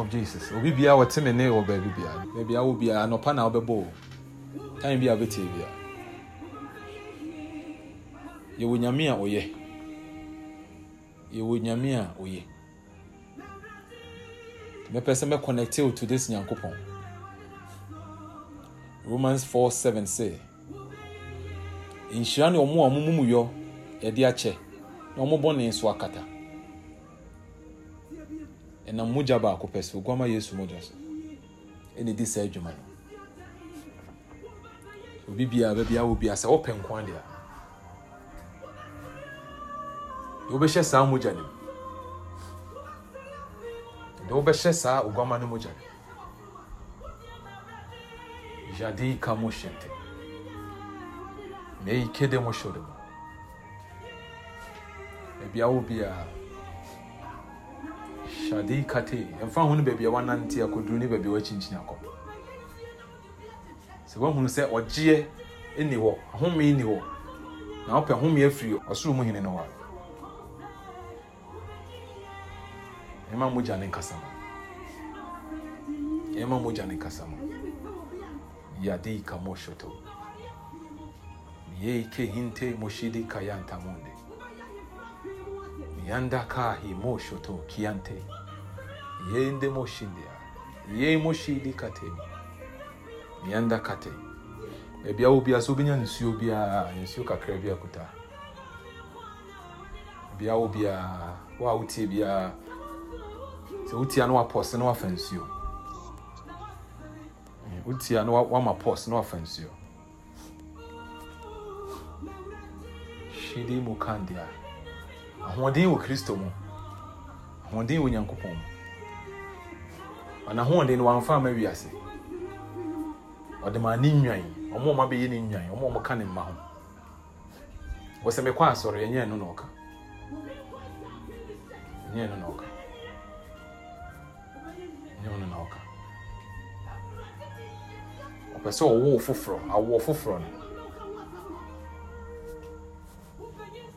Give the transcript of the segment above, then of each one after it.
of jesus obi biara wɔte ne ne wɔ baabi biara baabi awo biara anɔpa na wɔbɛbɔ o time bi a wɔbɛtie biara yɛwɔ nyame a ɔyɛ yɛwɔ nyame a ɔyɛ mɛpɛ sɛ mɛconnecte o to this nyankopɔn romans four seven say. nhyira ne ɔmo a ɔmo mumuyɔ yɛde akyɛ na ɔmo bɔne nso akata ɛnam mogya baako pɛ sɛ oguama yesu mogya so ɛne di saa adwuma no obi biara baabiara wɔ biara sɛ wɔpɛ nkwa deɛ wobɛhyɛ saa mogya no mu ɛde wobɛhyɛ saa oguama no mogya no yade ka mo hyɛnte na ɛyi kede mo hyɛ de mu baabiara wɔ biara hyɛade yi kate ɛmfa ho no baabi a wanante akɔduru ne baabi a wakyinkyini akɔ sɛ woahunu sɛ ɔgyeɛ ni hɔ ahome ni hɔ na wopɛ home afiri ɔsoro mu hene no hɔ a ɛma mogya ne nkasa mu ɛma mogya ne nkasa mu yade yi ka yei ke hinte moshidi kayantamunde yanda kahi moshoto kiante yende moshindia ye moshidi kate mianda kate ebi awo bia so binya nsuo bia nsuo kakra bia kuta ebi awo wa uti bia sɛ wotia no wapɔse na wafa nsuo wotia no wama wa ma wafa nsuo wa mu Shidi deɛ ahoɔden wɔ kristo mu ahoɔden wɔ nyankopɔn mu anahoɔden no wamfa ama wiase ɔde maa ne nwan ɔmo ɔmo abɛyɛ ne nwan ɔmo ɔmo ka ne mma ho wɔsɛ mekɔ asɔre ɛnyɛ ɛno na ɔka ɛnyɛ ɛno na ɔka ɛnyɛ ɛno na ɔka ɔpɛ sɛ ɔwɔ foforɔ awɔ foforɔ no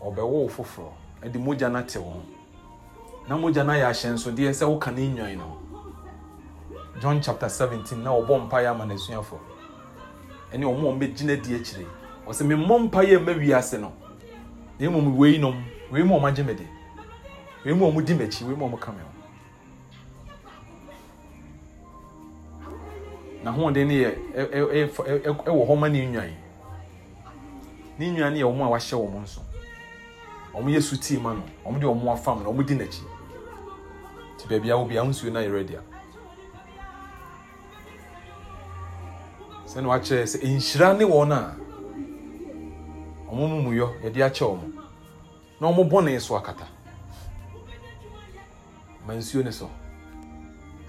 ɔbɛwɔ foforɔ ɛde mogya no te ho na mogya no ayɛ ahyɛnsodeɛ sɛ woka ne nwan no john chapter 17 na ɔbɔ mpaeɛ ama n'asuafoɔ ɛne ɔmo ɔmo gyina di akyire ɔsɛ me mmɔ mpaeɛ mma wiase no na mmom wei nom wei mu ɔmo agye me de wei mu ɔmo di m'akyi wei mu ɔmo ka me ho na hoɔden no yɛ ɛwɔ hɔ ma ne nnwan ne nnwan no yɛ wɔn a wahyɛ wɔn nso wɔn yɛ sutii ma no wɔn de wɔn afam no wɔn di n'akyi te baabi a obi a nsuo no ayɛ ready a. sɛne wakyerɛ eh, sɛ nhyira ne wɔn a ɔmo mumuyɔ yɛde akyɛ ɔmo na ɔmo bɔne so akata ma nsuo ne so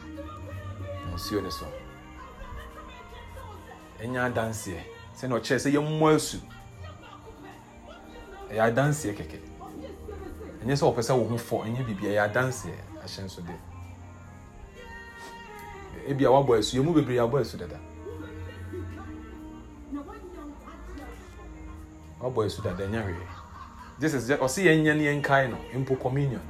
ma nsuo ne so ɛnya adanseɛ eh. sɛne eh, ɔkyerɛ sɛ yɛmmɔ asu ɛyɛ adanseɛ kɛkɛ ɛnyɛ sɛ ɔpɛ sɛ wo ho fɔ ɛnyɛ biribi ɛyɛ adanseɛ ahyɛn so deɛ ebia wabɔ asu yɛn mu bebree abɔ asu dada. ɔbɔ esu dada nya hwee jesus ɔsi yɛn nyɛ ne yɛn kae no mpo communion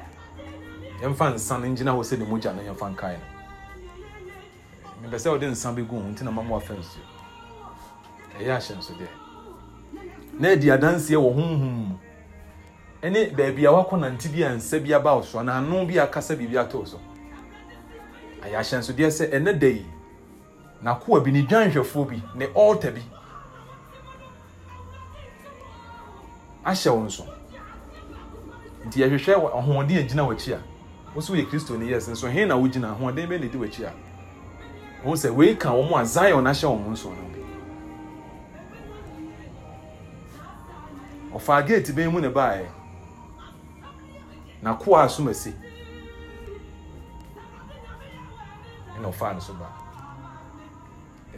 yɛmfa nsa no ngyina hɔ sɛ ne mogya no yɛmfa nkae no mepɛ sɛ wɔde nsa bi gu ho nti na mama wafa nsuo ɛyɛ ahyɛnsodeɛ na adi adanseɛ wɔ honhom mu ɛne baabi a wakɔ nante bi a nsa bi aba wo so anaa ano bi akasa biribi ato so ayɛ ahyɛnsodeɛ sɛ ɛnɛ da yi nakoa bi ne dwanhwɛfoɔ bi ne ɔlta bi ahyɛ wɔn so nti yɛhwehwɛ ɔhoɔden a gyina wɔakyi a wosi woyɛ kristo ne yɛsɛ nso hen na wogyina ahoɔden bɛ na edi wɔakyi a wɔn sɛ wei ka wɔn a zion ahyɛ wɔn nso no ɔfaa gate bɛn mu na baeɛ na koa asom asi ɛna ɔfaa no so baa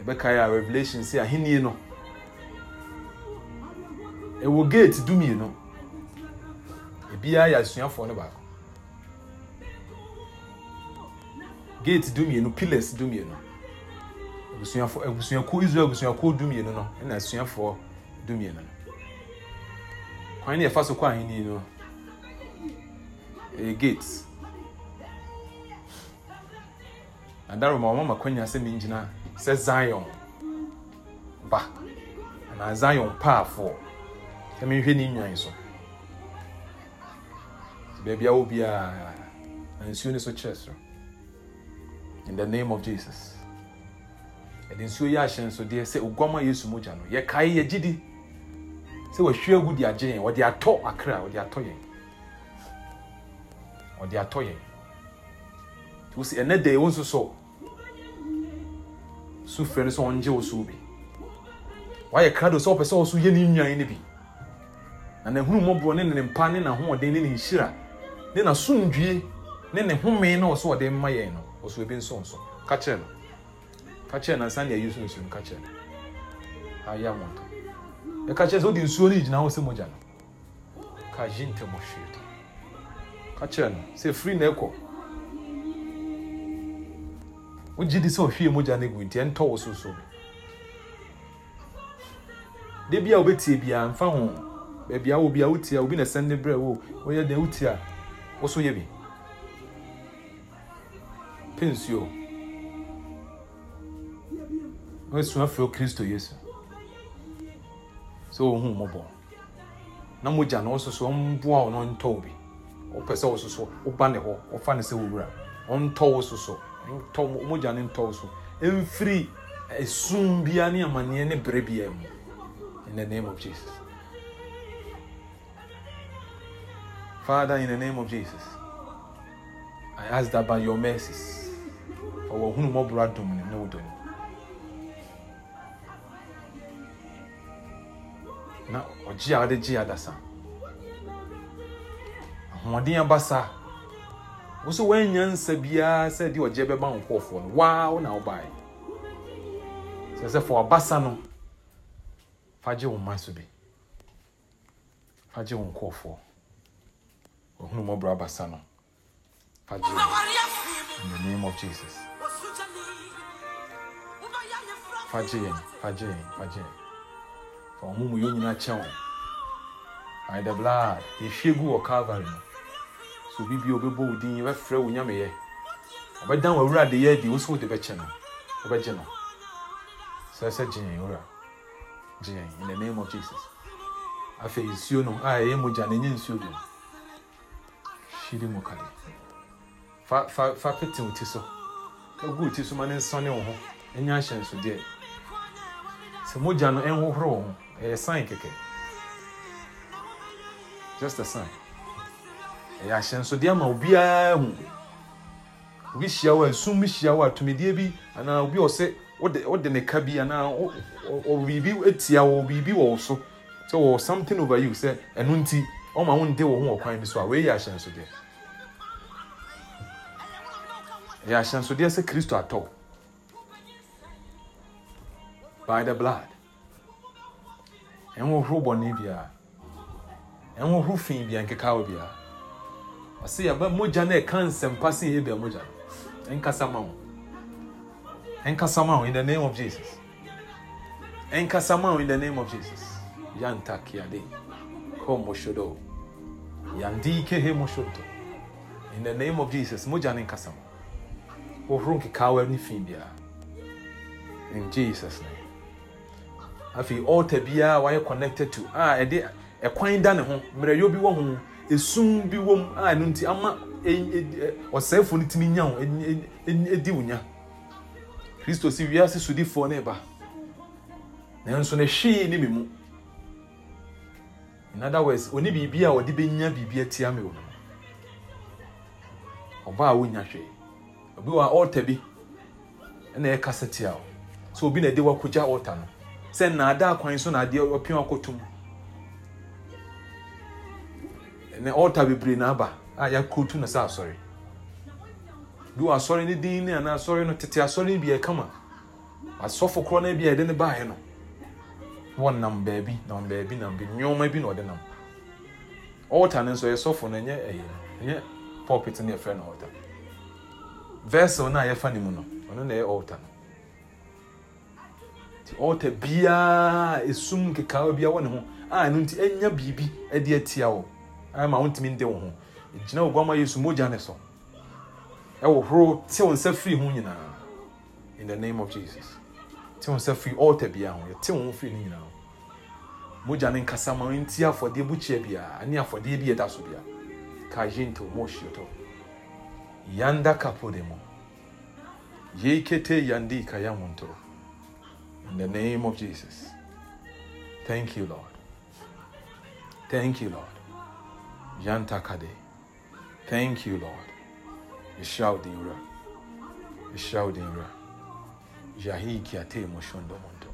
ɛbɛkae a revelation si ahenni no. ɛwɔ gate du mmienu ebiara yɛ asuafoɔ no baako gate du mmienu pillars du mmienu abusuafoɔ abusuakuo israel abusuakuo du mmienu no ɛna asuafoɔ du mmienu no kwan ne yɛfa so kɔ ahenni no ɛyɛ gate adaro ma ɔmama kwanya sɛ mengyina sɛ zion ba anaa zion paafoɔ ɛmehwɛ ne nwan so baabi a wɔ biara nsuo ne so kyerɛ soro in the name of jesus ɛde nsuo yɛ ahyɛnsodeɛ sɛ oguama yesu mogya no yɛkae yɛgyidi sɛ wahwie agu di agye yɛn wɔde atɔ akra wɔde atɔ yɛn wɔde atɔ yɛn nti wosi ɛnɛ da ɛwɔ nso so sufrɛ no sɛ ɔngye wo so bi wayɛ krado sɛ ɔpɛ sɛ ɔso yɛ ni nwan no bi na n'ahunu mmɔbɔ ne ne mpa ne n'ahoɔden ne ne nhyira ne n'asomdwie ne ne home na ɔsɛ ɔde mma yɛn no ɔsɛ ebi nso nso ka no ka na nsa nea yusu nsuo no ka kyerɛ no ayɛ amonka ɛka kyerɛ sɛ ɔde nsuo no gyina hɔ sɛ mogya no ka yi ntɛmɔ hwee to ka kyerɛ no sɛ firi na ɛkɔ wogye di sɛ ɔhwie mogya no gu nti ɛntɔ wo so so debi a wobɛtie biara mfa ho baabi a obi a wotia obi na ɛsɛn ne brɛ wo wɔyɛ deɛ wotia wɔso yɛ bi pe nsuo wɔasua firi kristo yesu sɛ wɔhu mmɔbɔ na mogya na wɔsoso ɔmboa wo na ɔntɔ wo bi wopɛ sɛ wɔsoso woba ne hɔ wɔfa ne sɛ wɔwura ɔntɔ wo soso ntɔ mogya ne ntɔ wo so ɛmfiri esum bia ne amanneɛ ne berɛ bia mu in the name of jesus Father, in the name of Jesus, I ask that by your mercies, for whom more brad no done. na ɔgye a wɔde gye adasa ahoɔden aba saa wosɛ woanya nsa biara sɛ deɛ ɔgye bɛba wo nkɔɔfoɔ no waa wo na wobaeɛ sɛ sɛ fa wabasa no fa gye wo ma so bi fa gye wo nkɔɔfoɔ ɔhunu mɔbrɔ abasa no fagye in the name of jesus fagye yɛn fagye yɛn fagye yɛn fa ɔmo mu yɛ nyinaa kyɛ wɔn by the blood yɛhwie gu wɔ calvary no so obi bi obɛbɔ wo din yɛbɛfrɛ wo nyameyɛ ɔbɛdan wɔ awurade yɛ adi wo so wode bɛkyɛ no wobɛgye no sɛ sɛ gye yɛn wura gye yɛn in the name of jesus afei nsuo no a ɛyɛ mogya no ɛnyɛ nsuo bi no hyiri mu kane fa fa fa pete wo ti so egu wo ti so ma ne nsɔne wo ho ɛnyɛ ahyɛnsodeɛ sɛ mogya no ɛnhohoro wo ho ɛyɛ sign kɛkɛ just a sign ɛyɛ ahyɛnsodeɛ ama obiara hu obi hyia wo a nsum bi hyia wo a bi anaa obi ɔsɛ wode wode ne ka bi anaa ɔ biribi etia wɔ biribi wɔ so sɛ wɔ something over you sɛ ɛno nti. ɔma wo nte wo ho ɔkwan bi so a Deus? yɛ ahyɛnsodeɛ yɛ Deus sɛ kristo atɔ by the blood ɛnhohoro bɔne biara ɛnhohoro é bia nkekawa biara ɔsɛ yɛba mogya no ɛka nsɛmpa se yɛ bia mogya no ɛnkasa ma wo ɛnkasa ma wo in the name of jesus ɛnkasa ma in the name of jesus yantakiade kɔmmɔhyɛdɛ o yandike he shoto. in the name of jesus mogya ne nkasa mo wohoro nkekawa ne fi biara in jesus name afei altar biara wayɛ connected to a ah, ɛde ɛkwan da ne ho mmerɛyɛ bi wɔ ho esum bi wɔ mu a ah, ɛno nti ama ɔsɛɛfo e, e, e, no tumi nya ho edi wo nya kristo si wiase sodifoɔ ne ba nanso ne hwee ne mi mu in other words oni biribi a wɔde bɛnya biribi atia me wɔ ɔbaa a wonya hwee obi wɔ ɔɔta bi ɛna ɛkasa tia o so obi na ɛde wakogya ɔɔta no sɛ nnaada akwan so na adeɛ ɔpem akotom ɛnɛ ɔɔta bebree na aba a yɛakotu na sɛ asɔre bi wɔ asɔre no din ne anaa asɔre no tete asɔre no bi ɛkama asɔfo korɔ no bi a ɛde ne baeɛ no wɔnam baabi nam baabi nam bi nneɛma bi na ɔde nam ɔɔta no nso yɛ sɔfo no ɛnyɛ ɛyɛ ɛnyɛ pulpit no yɛfrɛ no ɔɔta vessel no a yɛfa ne mu no ɔno na ɛyɛ ɔɔta no nti ɔɔta biara esum kekaa biara wɔ ne ho a ɛno nti ɛnya biribi ɛde atia wɔ ama wɔntumi nde wɔn ho gyina wɔ yesu mogya ne so ɛwɔ horo tew nsa firi ho nyinaa in the name of jesus. te ho sɛ firi ɔɔta bia ho yɛte ho firi ne nyinaa mogya ne nkasa ma nti afɔdeɛ bukyia biara ani afɔdeɛ bi ɛda so bia kajinto moshioto yanda kapodemo yekete yandi kayamunto in the name of jesus thank you lord thank you lord yanta kade thank you lord yeshaudinra yeshaudinra j a h i que a t emoção n do mundo.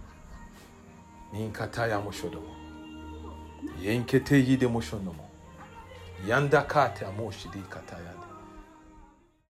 Ninkata ya m o ç ã o n do m o Yenkete yi de m o ç ã o n do m o Yanda kata m o s h i de kata yanda.